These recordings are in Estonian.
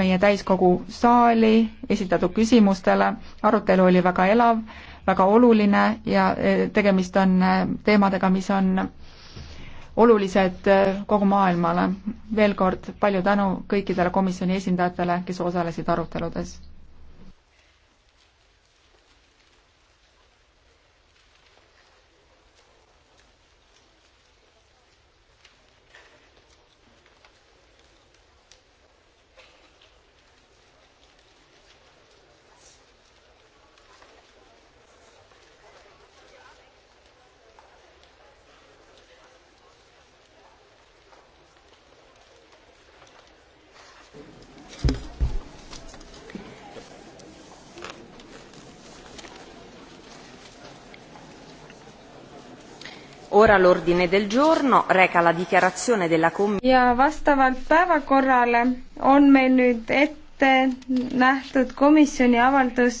meie täiskogu saali esitatud küsimustele, arutelu oli väga elav, väga oluline ja eh, tegemist on eh, teemadega, mis on olulised eh, kogu maailmale. veel kord palju tänu kõikidele komisjoni esindajatele, kes osalesid aruteludes Ora l'ordine del giorno reca la dichiarazione della com- ja vastavalt päevakorrale on meil nüüd ette nähtud komisjoni avaldus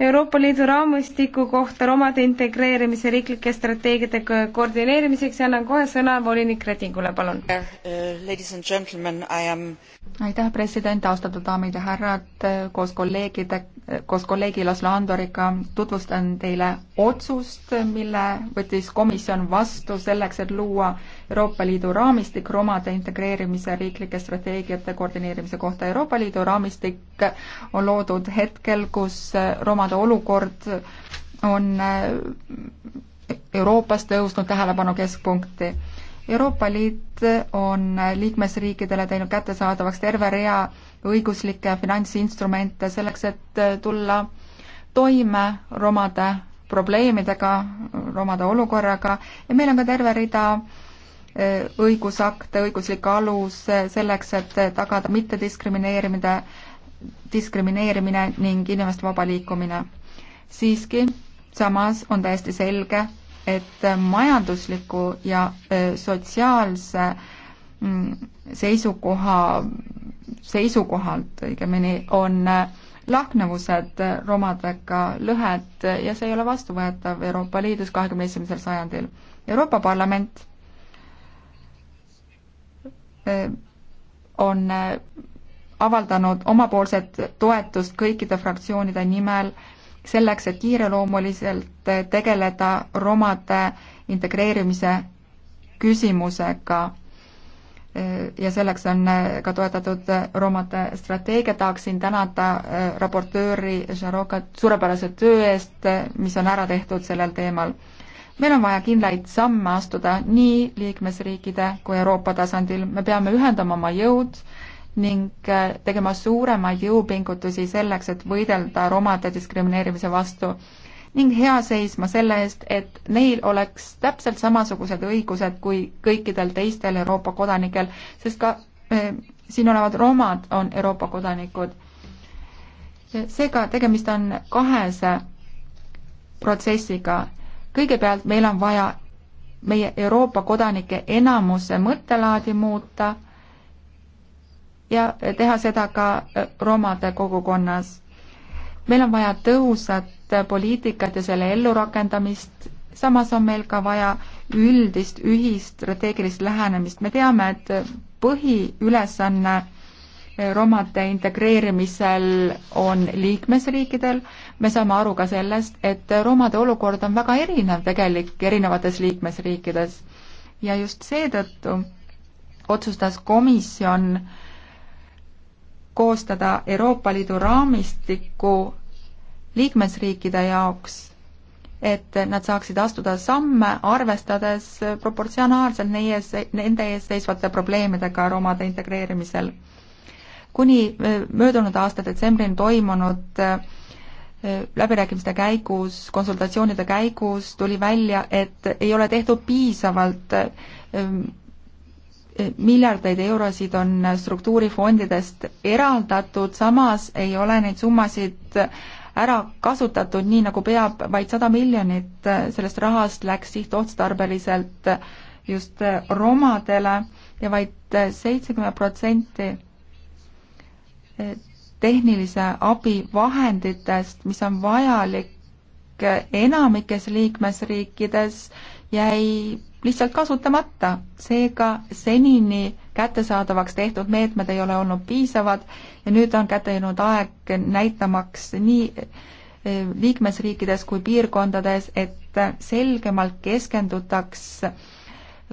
Euroopa Liidu raamistiku kohta romade integreerimise riiklike strateegiate koordineerimiseks ja annan kohe sõna volinik Redingule, palun. Uh, uh, aitäh, president, austatud daamid ja härrad, koos kolleegidega koos kolleegi Laslo Andoriga tutvustan teile otsust, mille võttis komisjon vastu selleks, et luua Euroopa Liidu raamistik romade integreerimise riiklike strateegiate koordineerimise kohta. Euroopa Liidu raamistik on loodud hetkel, kus romade olukord on Euroopas tõusnud tähelepanu keskpunkti Euroopa Liit on liikmesriikidele teinud kättesaadavaks terve rea õiguslikke finantsinstrumente selleks, et äh, tulla toime romade probleemidega, romade olukorraga ja meil on ka terve rida äh, õigusakte, õiguslik alus selleks, et äh, tagada mittediskrimineerimine, diskrimineerimine ning inimeste vaba liikumine. siiski, samas on täiesti selge, et majandusliku ja sotsiaalse mm, seisukoha seisukohalt õigemini, on äh, lahknevused, äh, romadega lõhed ja see ei ole vastuvõetav Euroopa Liidus kahekümne esimesel sajandil. Euroopa Parlament äh, on avaldanud omapoolset toetust kõikide fraktsioonide nimel selleks, et kiireloomuliselt tegeleda romade integreerimise küsimusega ja selleks on äh, ka toetatud äh, Romade strateegia, tahaksin tänada äh, raportööri Žarokat suurepärase töö eest, mis on ära tehtud sellel teemal. meil on vaja kindlaid samme astuda nii liikmesriikide kui Euroopa tasandil, me peame ühendama oma jõud ning tegema suuremaid jõupingutusi selleks, et võidelda romade diskrimineerimise vastu ning hea seisma selle eest, et neil oleks täpselt samasugused õigused kui kõikidel teistel Euroopa kodanikel, sest ka eh, siin olevad romad on Euroopa kodanikud. seega tegemist on kahese protsessiga. kõigepealt meil on vaja meie Euroopa kodanike enamuse mõttelaadi muuta ja teha seda ka eh, romade kogukonnas meil on vaja tõhusat poliitikat ja selle ellurakendamist, samas on meil ka vaja üldist ühist strateegilist lähenemist, me teame, et põhiülesanne romade integreerimisel on liikmesriikidel, me saame aru ka sellest, et romade olukord on väga erinev tegelik erinevates liikmesriikides. ja just seetõttu otsustas komisjon koostada Euroopa Liidu raamistiku liikmesriikide jaoks, et nad saaksid astuda samme, arvestades proportsionaalselt neie ees, nende ees seisvate probleemidega romade integreerimisel. kuni äh, möödunud aasta detsembrini toimunud äh, läbirääkimiste käigus, konsultatsioonide käigus tuli välja, et ei ole tehtud piisavalt ähm, miljardeid eurosid on struktuurifondidest eraldatud, samas ei ole neid summasid ära kasutatud nii, nagu peab, vaid sada miljonit äh, sellest rahast läks sihtotstarbeliselt äh, just äh, romadele ja vaid seitsekümmend protsenti tehnilise abi vahenditest, mis on vajalik enamikes liikmesriikides, jäi lihtsalt kasutamata. seega senini kättesaadavaks tehtud meetmed ei ole olnud piisavad ja nüüd on kätte jäänud aeg näitamaks nii eh, liikmesriikides kui piirkondades, et selgemalt keskendutaks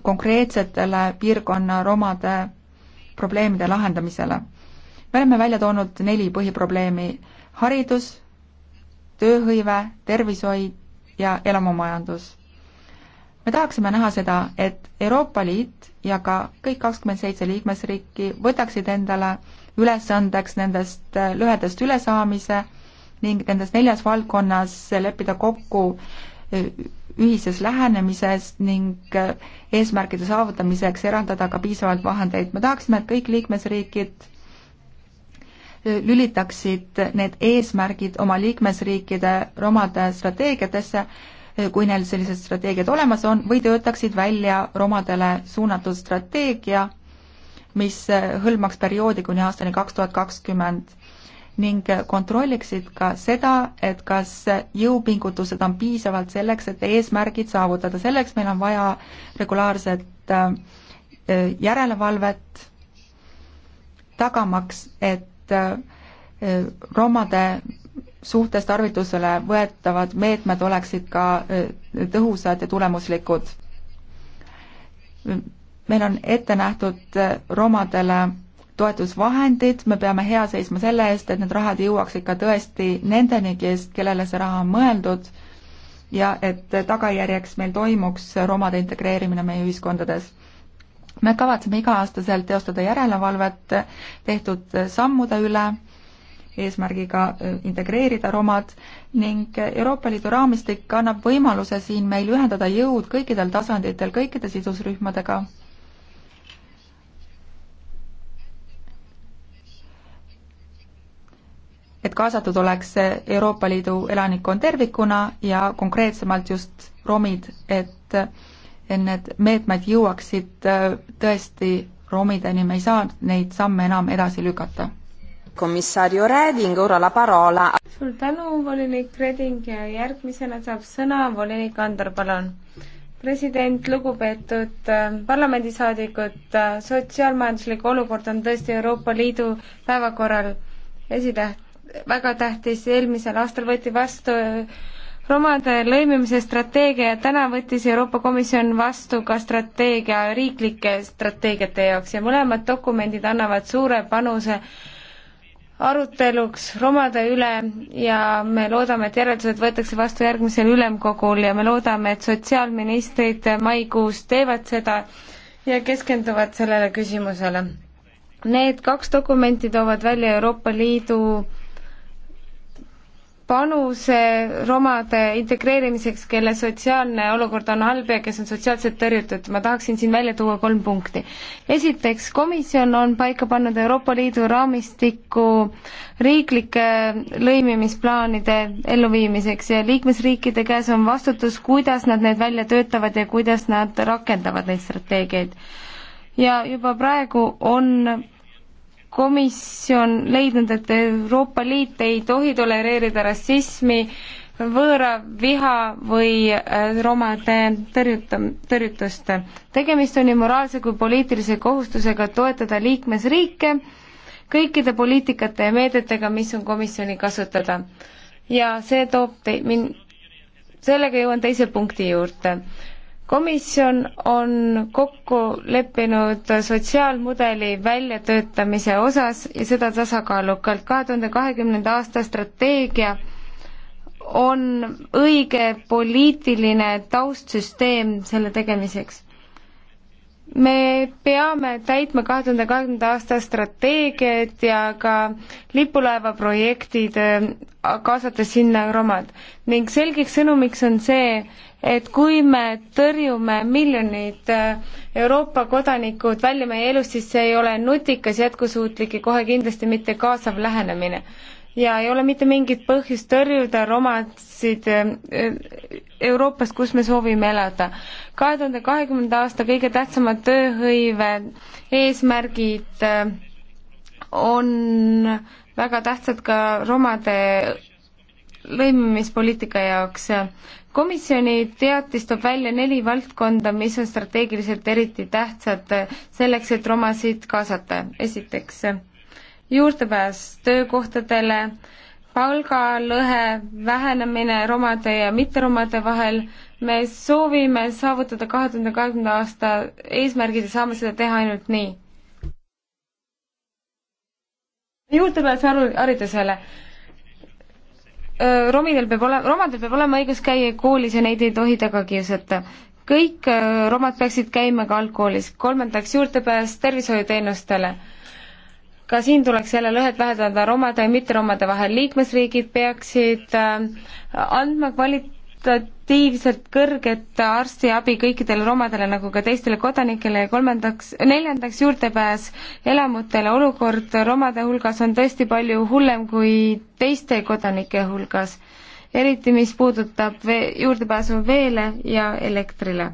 konkreetsetele piirkonna romade probleemide lahendamisele. me oleme välja toonud neli põhiprobleemi. haridus, tööhõive, tervishoid ja elamumajandus me tahaksime näha seda, et Euroopa Liit ja ka kõik kakskümmend seitse liikmesriiki võtaksid endale ülesandeks nendest äh, lõhedest ülesaamise ning nendes neljas valdkonnas leppida kokku äh, ühises lähenemises ning äh, eesmärkide saavutamiseks eraldada ka piisavalt vahendeid. me tahaksime, et kõik liikmesriigid lülitaksid need eesmärgid oma liikmesriikide romade strateegiatesse kui neil sellised strateegiad olemas on, või töötaksid välja romadele suunatud strateegia, mis hõlmaks perioodi kuni aastani kaks tuhat kakskümmend ning kontrolliksid ka seda, et kas jõupingutused on piisavalt selleks, et eesmärgid saavutada. selleks meil on vaja regulaarset äh, järelevalvet, tagamaks, et äh, romade suhtes tarvitusele võetavad meetmed oleksid ka äh, tõhusad ja tulemuslikud. meil on ette nähtud äh, romadele toetusvahendid, me peame hea seisma selle eest, et need rahad jõuaksid ka tõesti nendeni, kes, kellele see raha on mõeldud ja et tagajärjeks meil toimuks romade integreerimine meie ühiskondades. me kavatseme iga-aastaselt teostada järelevalvet tehtud sammude üle eesmärgiga äh, integreerida romad ning äh, Euroopa Liidu raamistik annab võimaluse siin meil ühendada jõud kõikidel tasanditel, kõikide sidusrühmadega. et kaasatud oleks äh, Euroopa Liidu elanikkond tervikuna ja konkreetsemalt just romid, et need meetmed jõuaksid tõesti romideni, me ei saa neid samme enam edasi lükata komissario Reding, ora la parola. suur tänu, volinik Reding ja järgmisena saab sõna volinik Andor, palun. president, lugupeetud äh, parlamendisaadikud, äh, sotsiaalmajanduslik olukord on tõesti Euroopa Liidu päevakorral esitäht-, väga tähtis, eelmisel aastal võeti vastu äh, romade lõimimise strateegia ja täna võttis Euroopa Komisjon vastu ka strateegia riiklike strateegiate jaoks ja mõlemad dokumendid annavad suure panuse äh, aruteluks romade üle ja me loodame, et järeldused võetakse vastu järgmisel ülemkogul ja me loodame, et sotsiaalministrid maikuus teevad seda ja keskenduvad sellele küsimusele. Need kaks dokumenti toovad välja Euroopa Liidu panuse romade integreerimiseks, kelle sotsiaalne olukord on halb ja kes on sotsiaalselt tõrjutud. ma tahaksin siin välja tuua kolm punkti. esiteks, komisjon on paika pannud Euroopa Liidu raamistiku riiklike lõimimisplaanide elluviimiseks ja liikmesriikide käes on vastutus, kuidas nad need välja töötavad ja kuidas nad rakendavad neid strateegiaid. ja juba praegu on komisjon leidnud, et Euroopa Liit ei tohi tolereerida rassismi, võõra viha või äh, romade tõrjuta-, tõrjutust. tegemist on nii moraalse kui poliitilise kohustusega toetada liikmesriike kõikide poliitikate ja meedetega, mis on komisjoni kasutada. ja see toob te-, min-, sellega jõuan teise punkti juurde komisjon on kokku leppinud sotsiaalmudeli väljatöötamise osas ja seda tasakaalukalt. kahe tuhande kahekümnenda aasta strateegia on õige poliitiline taustsüsteem selle tegemiseks me peame täitma kahe tuhande kahekümnenda aasta strateegiat ja ka lipulaeva projektid, äh, kaasates sinna romad. ning selgeks sõnumiks on see, et kui me tõrjume miljonid äh, Euroopa kodanikud välja meie elust, siis see ei ole nutikas, jätkusuutlik ja kohe kindlasti mitte kaasav lähenemine ja ei ole mitte mingit põhjust tõrjuda romasid eh, eh, Euroopast, kus me soovime elada. kahe tuhande kahekümnenda aasta kõige tähtsamad tööhõive eesmärgid eh, on väga tähtsad ka romade lõimimispoliitika jaoks. komisjoni teatis toob välja neli valdkonda, mis on strateegiliselt eriti tähtsad selleks, et romasid kaasata. esiteks juurdepääs töökohtadele, palgalõhe vähenemine romade ja mitteromade vahel. me soovime saavutada kahe tuhande kahekümnenda aasta eesmärgid ja saame seda teha ainult nii. juurdepääs haridusele. Romidel peab olema, romadel peab olema õigus käia koolis ja neid ei tohi taga kiusata kõik romad peaksid käima ka algkoolis. kolmandaks, juurdepääs tervishoiuteenustele ka siin tuleks jälle lõhed vähendada romade ja mitteromade vahel. liikmesriigid peaksid äh, andma kvalitatiivselt kõrget arstiabi kõikidele romadele nagu ka teistele kodanikele ja kolmandaks, neljandaks juurdepääs elamutele. olukord romade hulgas on tõesti palju hullem kui teiste kodanike hulgas, eriti mis puudutab vee, juurdepääsu veele ja elektrile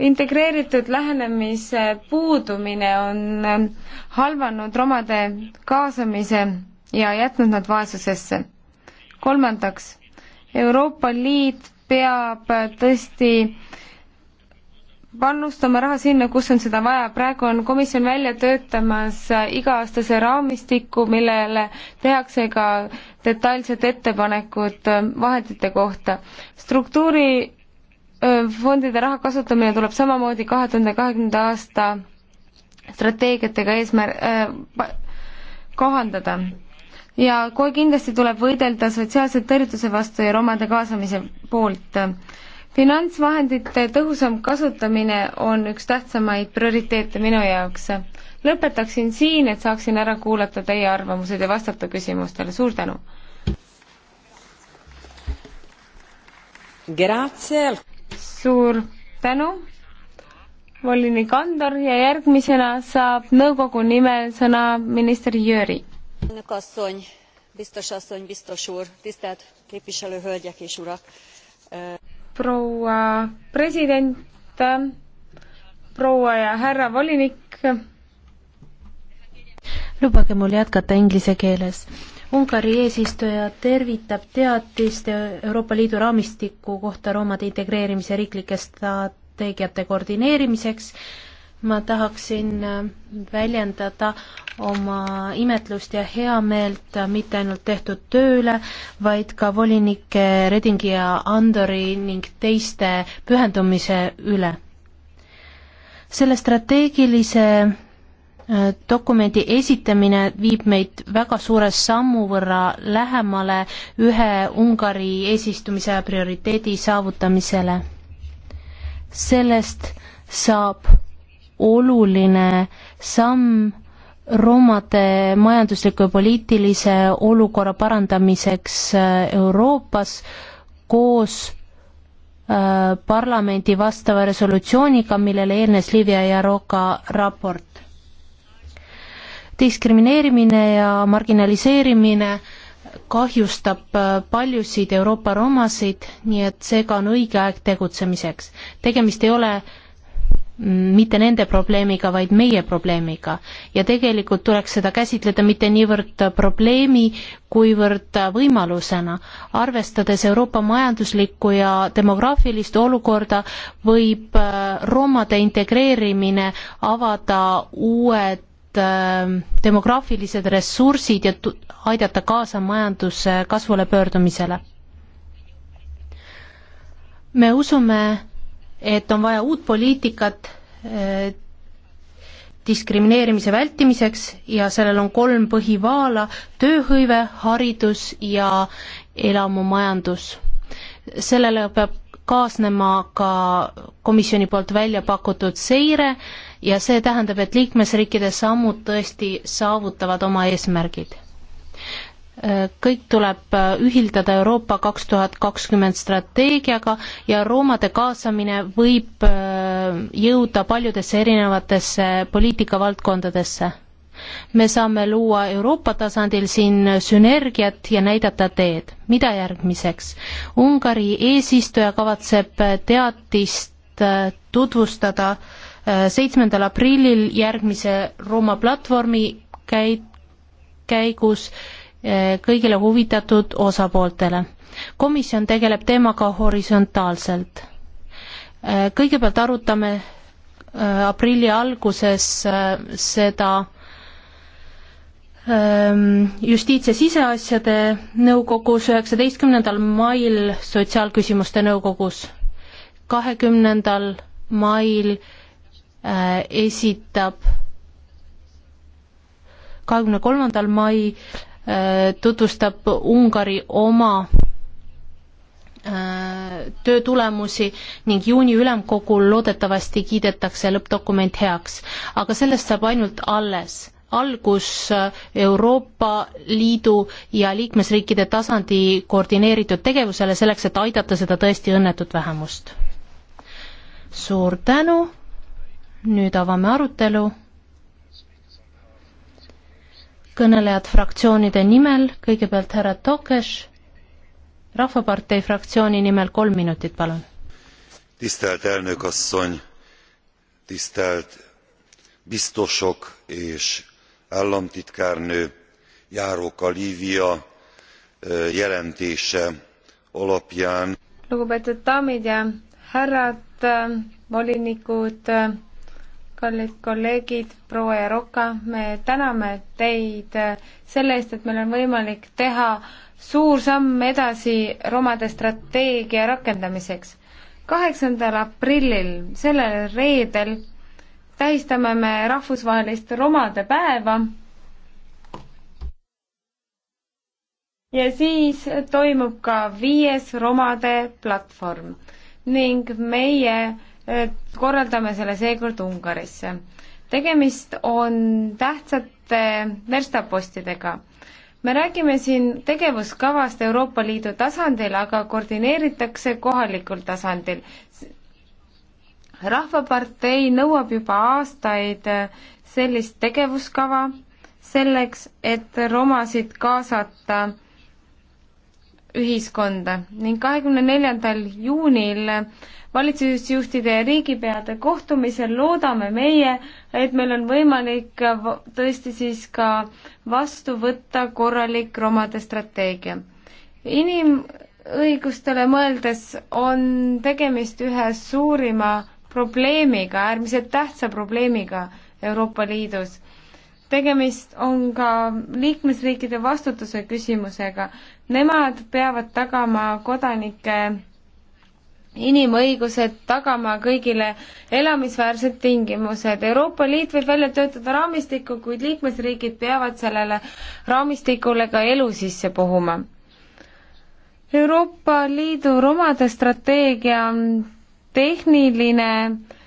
integreeritud lähenemise puudumine on halvanud romade kaasamise ja jätnud nad vaesusesse. kolmandaks, Euroopa Liit peab tõesti panustama raha sinna, kus on seda vaja, praegu on komisjon välja töötamas iga-aastase raamistiku, millele tehakse ka detailsed ettepanekud vahendite kohta. struktuuri fondide raha kasutamine tuleb samamoodi kahe tuhande kahekümnenda aasta strateegiatega eesmär- äh,, kohandada. ja kohe kindlasti tuleb võidelda sotsiaalse tõrjutuse vastu ja romade kaasamise poolt. finantsvahendite tõhusam kasutamine on üks tähtsamaid prioriteete minu jaoks. lõpetaksin siin, et saaksin ära kuulata teie arvamused ja vastata küsimustele, suur tänu! Grazie suur tänu, volinik Andor ja järgmisena saab nõukogu nimel sõna minister Jüri. proua president, proua ja härra volinik. lubage mul jätkata inglise keeles Ungari eesistuja tervitab teatist Euroopa Liidu raamistiku kohta roomade integreerimise riiklike strateegiate koordineerimiseks. ma tahaksin äh, väljendada oma imetlust ja heameelt mitte ainult tehtud tööle, vaid ka volinike Redingi ja Andori ning teiste pühendumise üle. selle strateegilise Äh, dokumendi esitamine viib meid väga suure sammu võrra lähemale ühe Ungari eesistumise prioriteedi saavutamisele. sellest saab oluline samm roomade majandusliku ja poliitilise olukorra parandamiseks äh, Euroopas koos äh, parlamendi vastava resolutsiooniga, millele eelnes Livia Jaroka raport diskrimineerimine ja marginaliseerimine kahjustab äh, paljusid Euroopa romasid, nii et seega on õige aeg tegutsemiseks. tegemist ei ole mm, mitte nende probleemiga, vaid meie probleemiga. ja tegelikult tuleks seda käsitleda mitte niivõrd probleemi, kuivõrd võimalusena. arvestades Euroopa majanduslikku ja demograafilist olukorda, võib äh, romade integreerimine avada uued Ähm, demograafilised ressursid ja aidata kaasa majanduse kasvule pöördumisele. me usume, et on vaja uut poliitikat äh, diskrimineerimise vältimiseks ja sellel on kolm põhivaala, tööhõive, haridus ja elamumajandus. sellele peab kaasnema ka komisjoni poolt välja pakutud seire äh, ja see tähendab, et liikmesriikide sammud tõesti saavutavad oma eesmärgid. kõik tuleb äh, ühildada Euroopa kaks tuhat kakskümmend strateegiaga ja roomade kaasamine võib äh, jõuda paljudesse erinevatesse poliitikavaldkondadesse me saame luua Euroopa tasandil siin sünergiat ja näidata teed. mida järgmiseks? Ungari eesistuja kavatseb teatist äh, tutvustada äh, seitsmendal aprillil järgmise Rooma platvormi käi-, käigus eh, kõigile huvitatud osapooltele. komisjon tegeleb teemaga horisontaalselt. Eh, kõigepealt arutame eh, aprilli alguses seda ehm, justiits- ja siseasjade nõukogus, üheksateistkümnendal mail Sotsiaalküsimuste nõukogus, kahekümnendal mail Äh, esitab kahekümne kolmandal mail äh, tutvustab Ungari oma äh, töö tulemusi ning juuni ülemkogul loodetavasti kiidetakse lõppdokument heaks. aga sellest saab ainult alles, algus Euroopa Liidu ja liikmesriikide tasandi koordineeritud tegevusele selleks, et aidata seda tõesti õnnetut vähemust. suur tänu nüüd avame arutelu. kõnelejad fraktsioonide nimel, kõigepealt härra Tokes, Rahvapartei fraktsiooni nimel kolm minutit, palun. tisztelt elnökasszony, tisztelt biztosok és államtitkárnő, Járóka Lívia jelentése alapján lugupeetud daamid ja härrad, volinikud, kallid kolleegid, proua Jaroka, me täname teid selle eest, et meil on võimalik teha suur samm edasi romade strateegia rakendamiseks. kaheksandal aprillil, sellel reedel, tähistame me rahvusvahelist romade päeva. ja siis toimub ka viies romade platvorm ning meie Äh, korraldame selle seekord Ungarisse. tegemist on tähtsate verstapostidega. me räägime siin tegevuskavast Euroopa Liidu tasandil, aga koordineeritakse kohalikul tasandil. rahvapartei nõuab juba aastaid äh, sellist tegevuskava selleks, et romasid kaasata ühiskonda ning kahekümne neljandal juunil valitsusjuhtide ja riigipeade kohtumisel loodame meie, et meil on võimalik tõesti siis ka vastu võtta korralik romade strateegia. inimõigustele mõeldes on tegemist ühe suurima probleemiga, äärmiselt tähtsa probleemiga Euroopa Liidus tegemist on ka liikmesriikide vastutuse küsimusega. Nemad peavad tagama kodanike inimõigused, tagama kõigile elamisväärsed tingimused. Euroopa Liit võib välja töötada raamistikku, kuid liikmesriigid peavad sellele raamistikule ka elu sisse puhuma. Euroopa Liidu romade strateegia tehniline äh,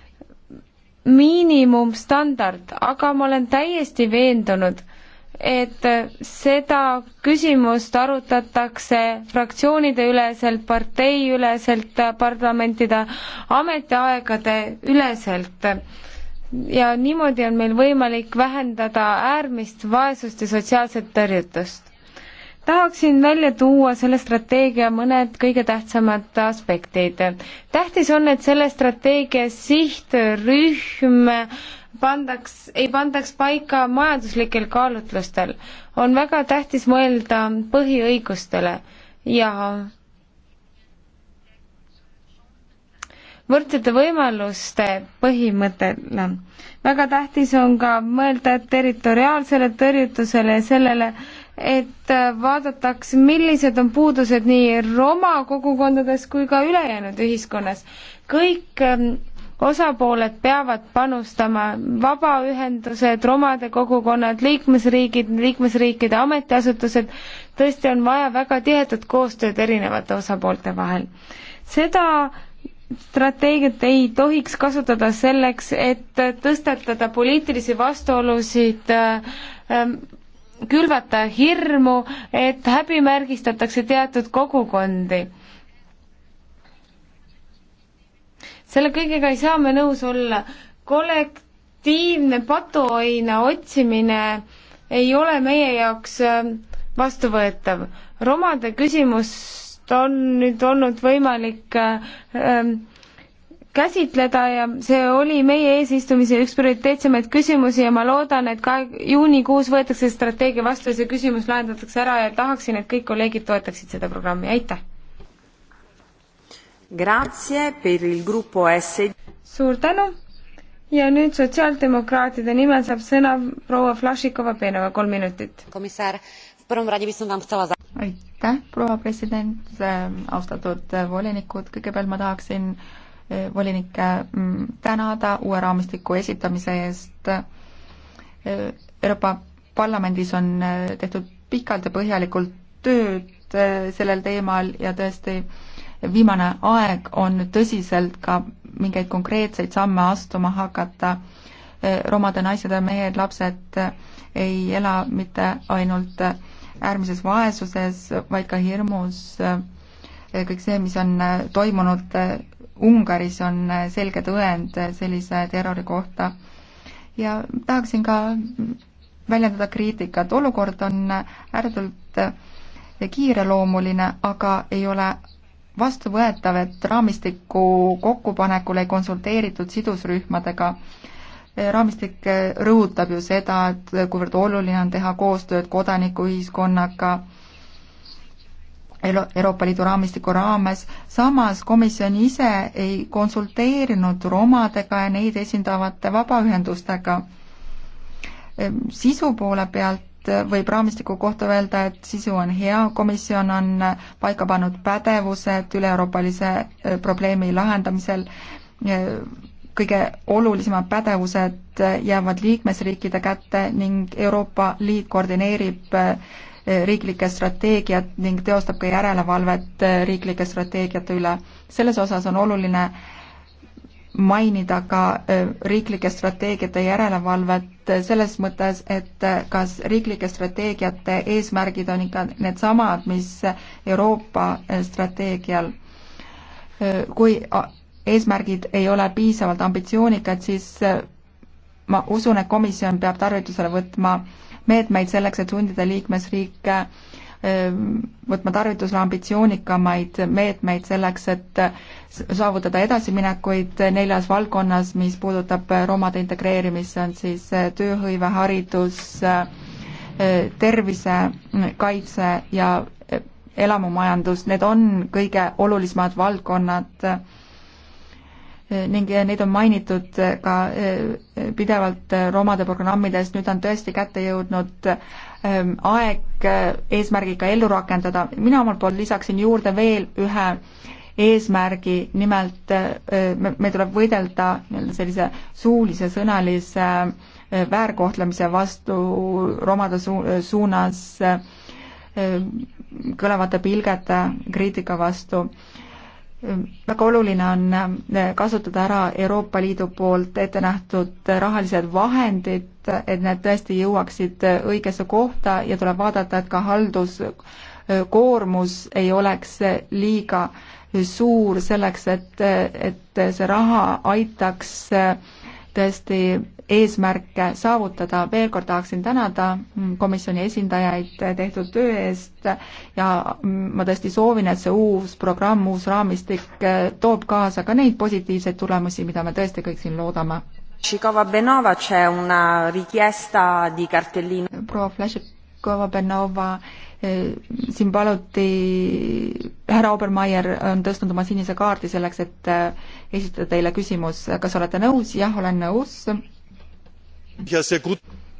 miinimumstandard, aga ma olen täiesti veendunud, et seda küsimust arutatakse fraktsioonide üleselt, parteiüleselt, parlamentide ametiaegade üleselt. ja niimoodi on meil võimalik vähendada äärmist vaesust ja sotsiaalset tõrjutust tahaksin välja tuua selle strateegia mõned kõige tähtsamad aspektid. tähtis on, et selle strateegia sihtrühm pandaks, ei pandaks paika majanduslikel kaalutlustel. on väga tähtis mõelda põhiõigustele ja võrdsete võimaluste põhimõttele. väga tähtis on ka mõelda territoriaalsele tõrjutusele ja sellele, et äh, vaadataks, millised on puudused nii Roma kogukondades kui ka ülejäänud ühiskonnas. kõik ähm, osapooled peavad panustama, vabaühendused, romade kogukonnad, liikmesriigid, liikmesriikide ametiasutused, tõesti on vaja väga tihedat koostööd erinevate osapoolte vahel. seda strateegiat ei tohiks kasutada selleks, et tõstatada poliitilisi vastuolusid äh, ähm, külvata hirmu, et häbimärgistatakse teatud kogukondi. selle kõigega ei saa me nõus olla. kollektiivne patuoina otsimine ei ole meie jaoks ähm, vastuvõetav. romade küsimust on nüüd olnud võimalik äh, ähm, käsitleda ja see oli meie eesistumise üks prioriteetsemaid küsimusi ja ma loodan, et ka juunikuus võetakse strateegia vastu ja see küsimus lahendatakse ära ja tahaksin, et kõik kolleegid toetaksid seda programmi, aitäh! suur tänu ja nüüd sotsiaaldemokraatide nimel saab sõna proua Flašikova-Penova, kolm minutit. komissar, prvom rade by som vám chcela za- aitäh, proua president, austatud volinikud, kõigepealt ma tahaksin äh, volinikke mm, tänada uue raamistiku esitamise eest. Euroopa Parlamendis on äh, tehtud pikalt ja põhjalikult tööd äh, sellel teemal ja tõesti viimane aeg on tõsiselt ka mingeid konkreetseid samme astuma hakata. Äh, romade naised ja mehed, lapsed ei ela mitte ainult äärmises vaesuses, vaid ka hirmus. kõik see, mis on toimunud Ungaris on selge tõend sellise terrori kohta. ja tahaksin ka väljendada kriitikat, olukord on ääretult kiireloomuline, aga ei ole vastuvõetav, et raamistiku kokkupanekul ei konsulteeritud sidusrühmadega. raamistik rõhutab ju seda, et kuivõrd oluline on teha koostööd kodanikuühiskonnaga, Euroopa Liidu raamistiku raames, samas komisjon ise ei konsulteerinud romadega ja neid esindavate vabaühendustega. Ehm, sisu poole pealt võib raamistiku kohta öelda, et sisu on hea, komisjon on paika pannud pädevused üle-euroopalise ehm, probleemi lahendamisel, ehm, kõige olulisemad pädevused jäävad liikmesriikide kätte ning Euroopa Liit koordineerib riiklike strateegiat ning teostab ka järelevalvet eh, riiklike strateegiate üle. selles osas on oluline mainida ka eh, riiklike strateegiate järelevalvet eh, selles mõttes, et kas riiklike strateegiate eesmärgid on ikka needsamad, mis Euroopa strateegial. kui eesmärgid ei ole piisavalt ambitsioonikad, siis ma usun, et komisjon peab tarvitusele võtma meetmeid selleks, et sundida liikmesriike võtma tarvitusele ambitsioonikamaid meetmeid selleks, et saavutada edasiminekuid neljas valdkonnas, mis puudutab romade integreerimist, see on siis tööhõive, haridus, tervisekaitse ja elamumajandus, need on kõige olulisemad valdkonnad ning eh, neid on mainitud eh, ka eh, pidevalt romade programmides, nüüd on tõesti kätte jõudnud ehm, aeg eesmärgiga ellu rakendada. mina omalt poolt lisaksin juurde veel ühe eesmärgi, nimelt meil tuleb võidelda nii-öelda sellise suulise, sõnalise väärkohtlemise vastu romade su suunas kõlavate pilgete kriitika vastu väga oluline on äh, kasutada ära Euroopa Liidu poolt ette nähtud rahalised vahendid, et need tõesti jõuaksid äh, õigesse kohta ja tuleb vaadata, et ka halduskoormus äh, ei oleks liiga suur selleks, et, et see raha aitaks tõesti eesmärke saavutada. veel kord tahaksin tänada komisjoni esindajaid tehtud töö eest ja ma tõesti soovin, et see uus programm, uus raamistik toob kaasa ka neid positiivseid tulemusi, mida me tõesti kõik siin loodame. proua Flašikova-Benova siin paluti, härra Obermeier on tõstnud oma sinise kaardi selleks, et äh, esitada teile küsimus, kas olete nõus? jah, olen nõus.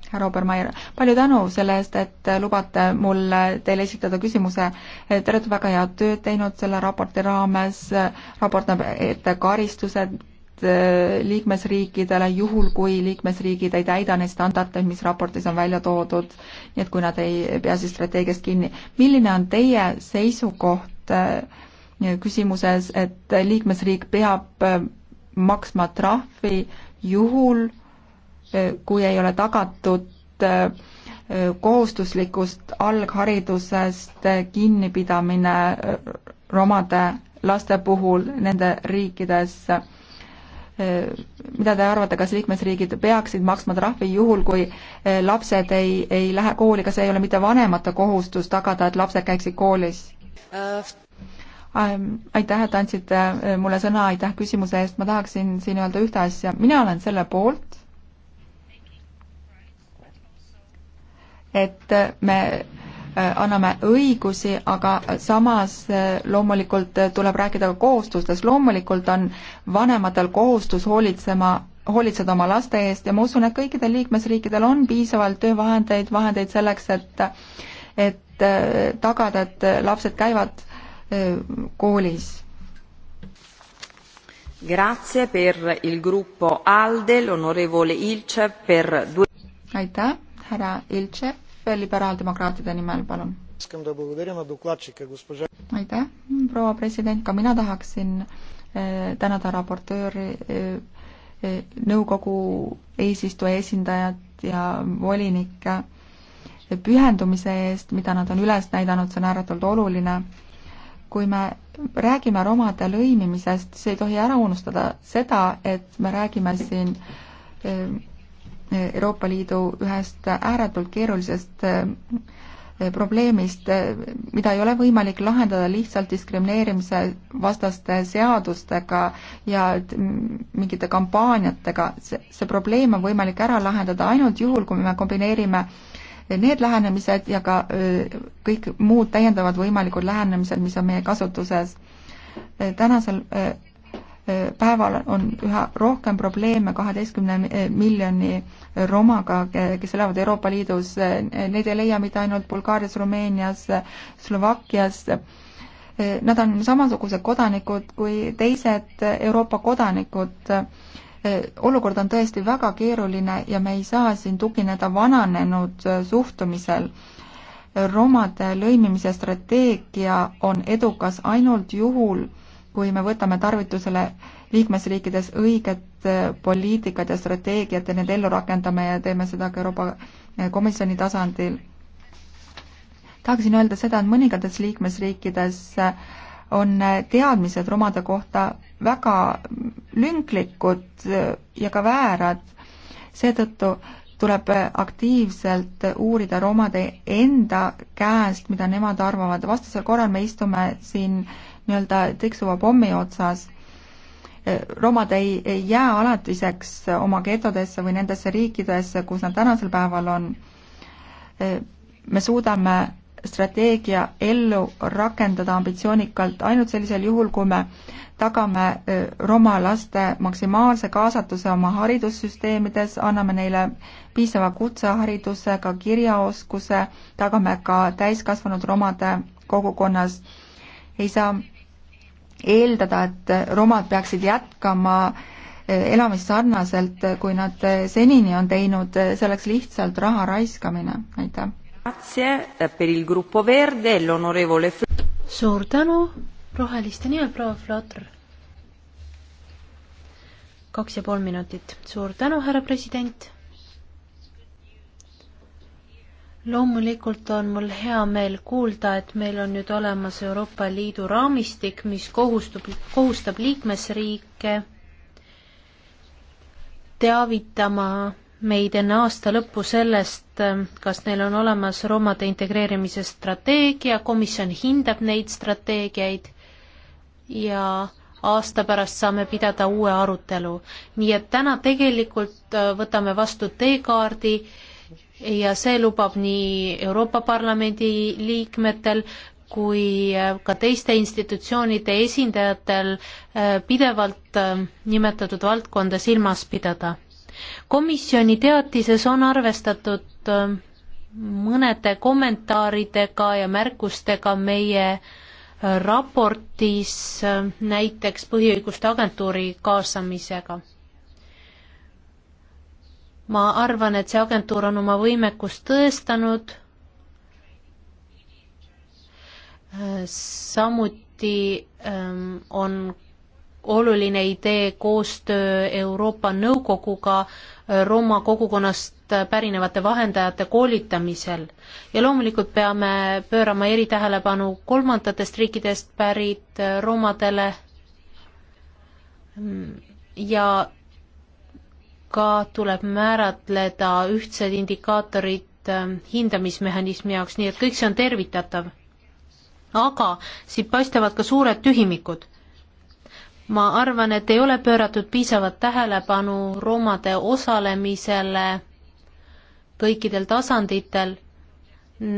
härra Obermeier, palju tänu selle eest, et äh, lubate mul äh, teile esitada küsimuse. Te olete väga head tööd teinud selle raporti raames, raport näeb ette karistused Äh, liikmesriikidele juhul, kui liikmesriigid ei täida neid standardeid, mis raportis on välja toodud, nii et kui nad ei pea siis strateegiast kinni. milline on teie seisukoht äh, küsimuses, et liikmesriik peab äh, maksma trahvi juhul, kui ei ole tagatud kohustuslikust algharidusest kinnipidamine romade laste puhul nende riikides Äh, mida te arvate, kas liikmesriigid peaksid maksma trahvi juhul, kui äh, lapsed ei, ei lähe kooli, kas ei ole mitte vanemate kohustus tagada, et lapsed käiksid koolis? Ähm, aitäh, et andsite äh, mulle sõna, aitäh küsimuse eest, ma tahaksin siin öelda ühte asja, mina olen selle poolt, et me Äh, anname õigusi, aga samas äh, loomulikult äh, tuleb rääkida ka kohustustest, loomulikult on vanematel kohustus hoolitsema hoolitseda oma laste eest ja ma usun, et kõikidel liikmesriikidel on piisavalt töövahendeid, vahendeid selleks, et et tagada, et lapsed käivad koolis. Grazie per il gruppo ALDE, l'onorevole Ilcev per due aitäh, härra Ilcev liberaaldemokraatide nimel, palun. aitäh, proua president, ka mina tahaksin tänada raportööri, nõukogu eesistuja esindajat ja volinikke pühendumise eest, mida nad on üles näidanud, see on ääretult oluline. kui me räägime romade lõimimisest, siis ei tohi ära unustada seda, et me räägime siin e, Euroopa Liidu ühest ääretult keerulisest eh, probleemist, eh, mida ei ole võimalik lahendada lihtsalt diskrimineerimise vastaste seadustega ja mm, mingite kampaaniatega. see probleem on võimalik ära lahendada ainult juhul, kui me kombineerime eh, need lähenemised ja ka kõik muud täiendavad võimalikud lähenemised, mis on meie kasutuses. tänasel päeval on üha rohkem probleeme kaheteistkümne eh, miljoni eh, romaga, kes elavad Euroopa Liidus. Eh, neid ei leia mitte ainult Bulgaarias, Rumeenias, Slovakkias. Nad on samasugused kodanikud kui teised Euroopa kodanikud. olukord on tõesti väga keeruline ja me ei saa siin tugineda vananenud suhtumisel romade lõimimise strateegia on edukas ainult juhul, kui me võtame tarvitusele liikmesriikides õiged äh, poliitikad ja strateegiad ja need ellu rakendame ja teeme seda ka Euroopa äh, Komisjoni tasandil. tahaksin öelda seda, et mõningates liikmesriikides äh, on teadmised rumade kohta väga lünklikud ja ka väärad. seetõttu tuleb aktiivselt uurida romade enda käest, mida nemad arvavad, vastasel korral me istume siin nii-öelda tiksuva pommi otsas. romad ei, ei jää alatiseks oma getodesse või nendesse riikidesse, kus nad tänasel päeval on. me suudame strateegia ellu rakendada ambitsioonikalt ainult sellisel juhul, kui me tagame äh, roma laste maksimaalse kaasatuse oma haridussüsteemides, anname neile piisava kutsehariduse, ka kirjaoskuse, tagame ka täiskasvanud romade kogukonnas. ei saa eeldada, et romad peaksid jätkama äh, elamist sarnaselt, kui nad äh, senini on teinud, see oleks lihtsalt raha raiskamine, aitäh Eh, suur tänu, roheliste nimel proua Flotr. kaks ja pool minutit. suur tänu, härra president. loomulikult on mul hea meel kuulda, et meil on nüüd olemas Euroopa Liidu raamistik, mis kohustub, kohustab liikmesriike teavitama meid enne aasta lõppu sellest, et ähm, kas neil on olemas romade integreerimise strateegia, komisjon hindab neid strateegiaid ja aasta pärast saame pidada uue arutelu. nii et täna tegelikult äh, võtame vastu teekaardi ja see lubab nii Euroopa Parlamendi liikmetel kui äh, ka teiste institutsioonide esindajatel äh, pidevalt nimetatud valdkonda silmas pidada komisjoni teatises on arvestatud äh, mõnede kommentaaridega ja märkustega meie äh, raportis äh, näiteks Põhiõiguste Agentuuri kaasamisega. ma arvan, et see agentuur on oma võimekust tõestanud, samuti ähm, on oluline idee koostöö Euroopa Nõukoguga äh, Roma kogukonnast äh, pärinevate vahendajate koolitamisel. ja loomulikult peame pöörama eritähelepanu kolmandatest riikidest pärit äh, romadele mm, ja ka tuleb määratleda ühtsed indikaatorid hindamismehhanismi jaoks, nii et kõik see on tervitatav. aga siit paistavad ka suured tühimikud ma arvan, et ei ole pööratud piisavat tähelepanu roomade osalemisele kõikidel tasanditel.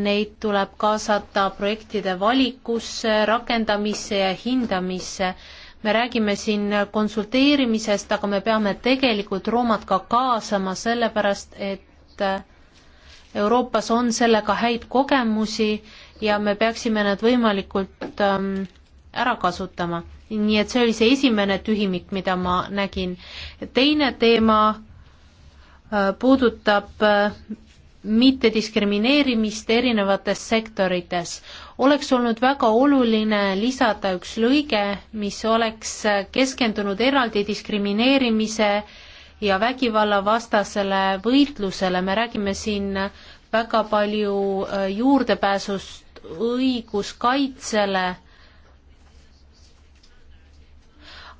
Neid tuleb kaasata projektide valikusse, rakendamisse ja hindamisse. me räägime siin konsulteerimisest, aga me peame tegelikult roomad ka kaasama, sellepärast et Euroopas on sellega häid kogemusi ja me peaksime need võimalikult ähm, ära kasutama nii et see oli see esimene tühimik, mida ma nägin. teine teema äh, puudutab äh, mittediskrimineerimist erinevates sektorites. oleks olnud väga oluline lisada üks lõige, mis oleks äh, keskendunud eraldi diskrimineerimise ja vägivallavastasele võitlusele, me räägime siin väga palju juurdepääsust õiguskaitsele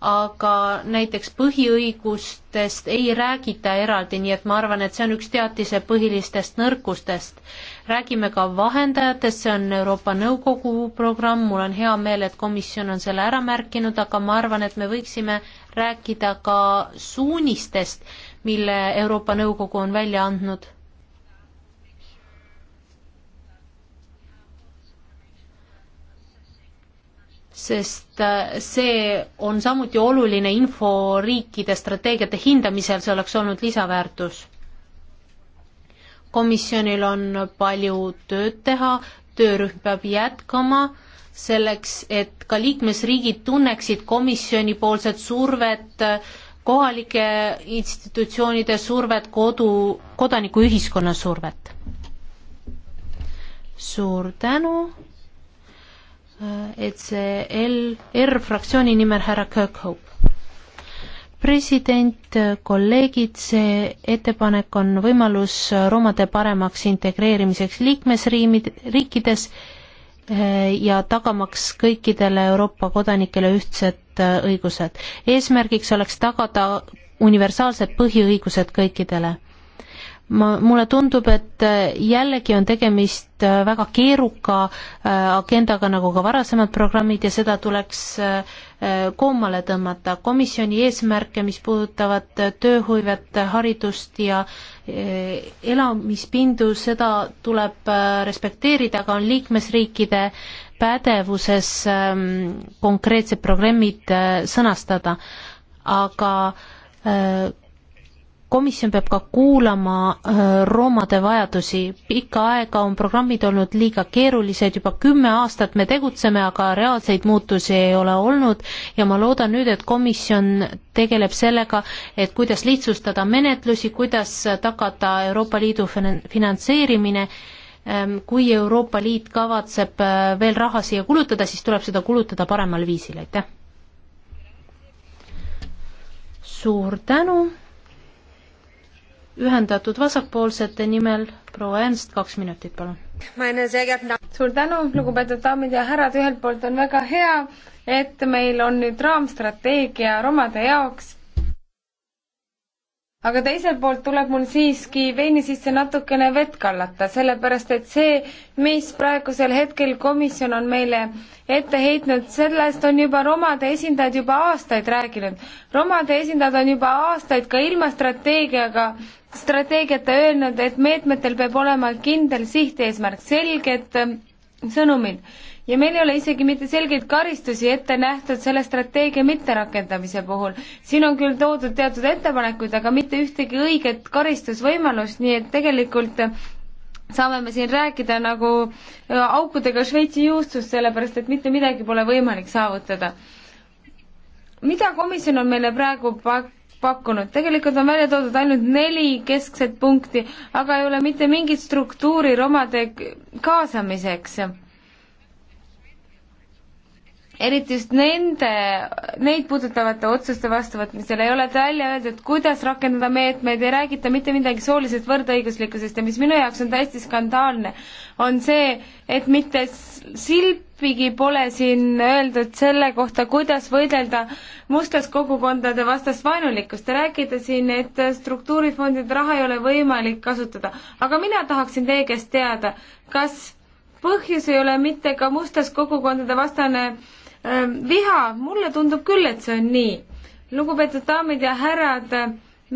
aga näiteks põhiõigustest ei räägita eraldi, nii et ma arvan, et see on üks teatise põhilistest nõrkustest. räägime ka vahendajatest, see on Euroopa Nõukogu programm, mul on hea meel, et komisjon on selle ära märkinud, aga ma arvan, et me võiksime rääkida ka suunistest, mille Euroopa Nõukogu on välja andnud sest äh, see on samuti oluline info riikide strateegiate hindamisel, see oleks olnud lisaväärtus. komisjonil on palju tööd teha, töörühm peab jätkama selleks, et ka liikmesriigid tunneksid komisjoni poolset survet, kohalike institutsioonide survet, kodu, kodanikuühiskonna survet. suur tänu Äh, et see L, R fraktsiooni nimel härra Kirkhope. president, äh, kolleegid, see ettepanek on võimalus äh, romade paremaks integreerimiseks liikmesriimid, riikides ja tagamaks kõikidele Euroopa kodanikele ühtsed õigused. eesmärgiks oleks tagada universaalsed põhiõigused kõikidele ma, mulle tundub, et äh, jällegi on tegemist äh, väga keeruka äh, agendaga, nagu ka varasemad programmid ja seda tuleks koomale tõmmata. komisjoni eesmärke, mis puudutavad tööhõivet, haridust ja elamispindu, seda tuleb respekteerida, aga on liikmesriikide pädevuses ähm, konkreetsed programmid sõnastada. aga komisjon peab ka kuulama äh, roomade vajadusi, pikka aega on programmid olnud liiga keerulised, juba kümme aastat me tegutseme, aga reaalseid muutusi ei ole olnud ja ma loodan nüüd, et komisjon tegeleb sellega, et kuidas lihtsustada menetlusi, kuidas tagada Euroopa Liidu finantseerimine, ähm, kui Euroopa Liit kavatseb äh, veel raha siia kulutada, siis tuleb seda kulutada paremal viisil, aitäh! suur tänu! ühendatud vasakpoolsete nimel proua Ernst, kaks minutit, palun. suur tänu, lugupeetud daamid ja härrad, ühelt poolt on väga hea, et meil on nüüd raamstrateegia romade jaoks aga teiselt poolt tuleb mul siiski veini sisse natukene vett kallata, sellepärast et see, mis praegusel hetkel komisjon on meile ette heitnud, sellest on juba romade esindajad juba aastaid rääkinud. romade esindajad on juba aastaid ka ilma strateegiaga, strateegiata öelnud, et meetmetel peab olema kindel sihteesmärk, selged sõnumid ja meil ei ole isegi mitte selgeid karistusi ette nähtud selle strateegia mitterakendamise puhul. siin on küll toodud teatud ettepanekuid, aga mitte ühtegi õiget karistusvõimalust, nii et tegelikult saame me siin rääkida nagu äh, aukudega Šveitsi juustust, sellepärast et mitte midagi pole võimalik saavutada mida komisjon on meile praegu pak-, pakkunud. tegelikult on välja toodud ainult neli keskset punkti, aga ei ole mitte mingit struktuuri romade kaasamiseks. eriti just nende, neid puudutavate otsuste vastuvõtmisel ei ole välja öeldud, kuidas rakendada meetmeid, ei räägita mitte midagi soolisest võrdõiguslikkusest ja mis minu jaoks on täiesti skandaalne, on see, et mitte silp viigi pole siin öeldud selle kohta, kuidas võidelda mustlaskogukondade vastast vaenulikkust. Te räägite siin, et struktuurifondide raha ei ole võimalik kasutada, aga mina tahaksin teie käest teada, kas põhjus ei ole mitte ka mustlaskogukondade vastane äh, viha, mulle tundub küll, et see on nii. lugupeetud daamid ja härrad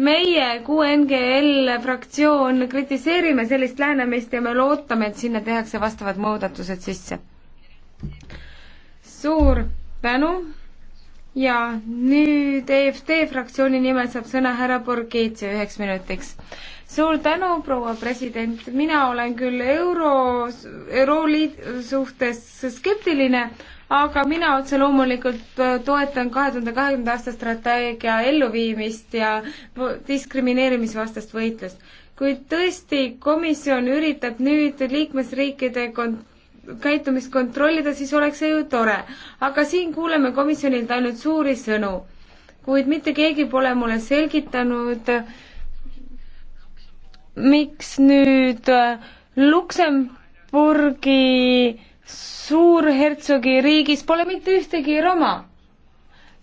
meie QNGL fraktsioon kritiseerime sellist lähenemist ja me loodame, et sinna tehakse vastavad muudatused sisse suur tänu ja nüüd EFT fraktsiooni nimel saab sõna härra Borghese üheks minutiks. suur tänu, proua president, mina olen küll euro, Euroliidu suhtes skeptiline, aga mina otse loomulikult äh, toetan kahe tuhande kahekümnenda aasta strateegia elluviimist ja diskrimineerimisvastast võitlust. kuid tõesti, komisjon üritab nüüd liikmesriikide kont-, käitumist kontrollida, siis oleks see ju tore. aga siin kuuleme komisjonilt ainult suuri sõnu, kuid mitte keegi pole mulle selgitanud, miks nüüd äh, Luksemburgi suurhertsogi riigis pole mitte ühtegi roma,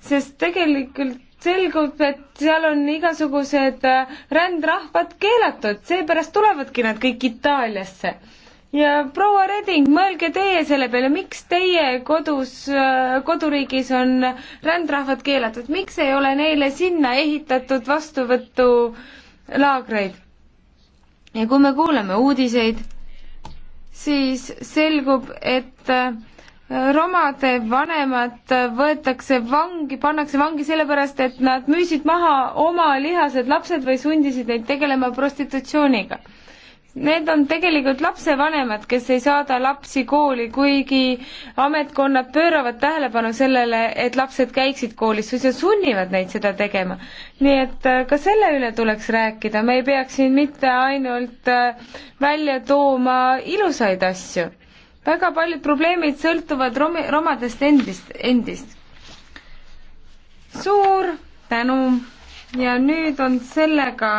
sest tegelikult selgub, et seal on igasugused äh, rändrahvad keelatud, seepärast tulevadki nad kõik Itaaliasse ja proua Reding, mõelge teie selle peale, miks teie kodus, äh, koduriigis on rändrahvad keelatud, miks ei ole neile sinna ehitatud vastuvõtulaagreid? ja kui me kuuleme uudiseid, siis selgub, et äh, romade vanemad võetakse vangi, pannakse vangi sellepärast, et nad müüsid maha oma lihased lapsed või sundisid neid tegelema prostitutsiooniga Need on tegelikult lapsevanemad, kes ei saada lapsi kooli, kuigi ametkonnad pööravad tähelepanu sellele, et lapsed käiksid koolis, suisa sunnivad neid seda tegema. nii et äh, ka selle üle tuleks rääkida, me ei peaks siin mitte ainult äh, välja tooma ilusaid asju. väga paljud probleemid sõltuvad romi-, romadest endist, endist. suur tänu ja nüüd on sellega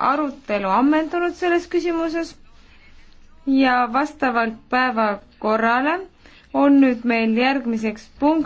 arutelu ammendunud selles küsimuses ja vastavalt päevakorrale on nüüd meil järgmiseks punkt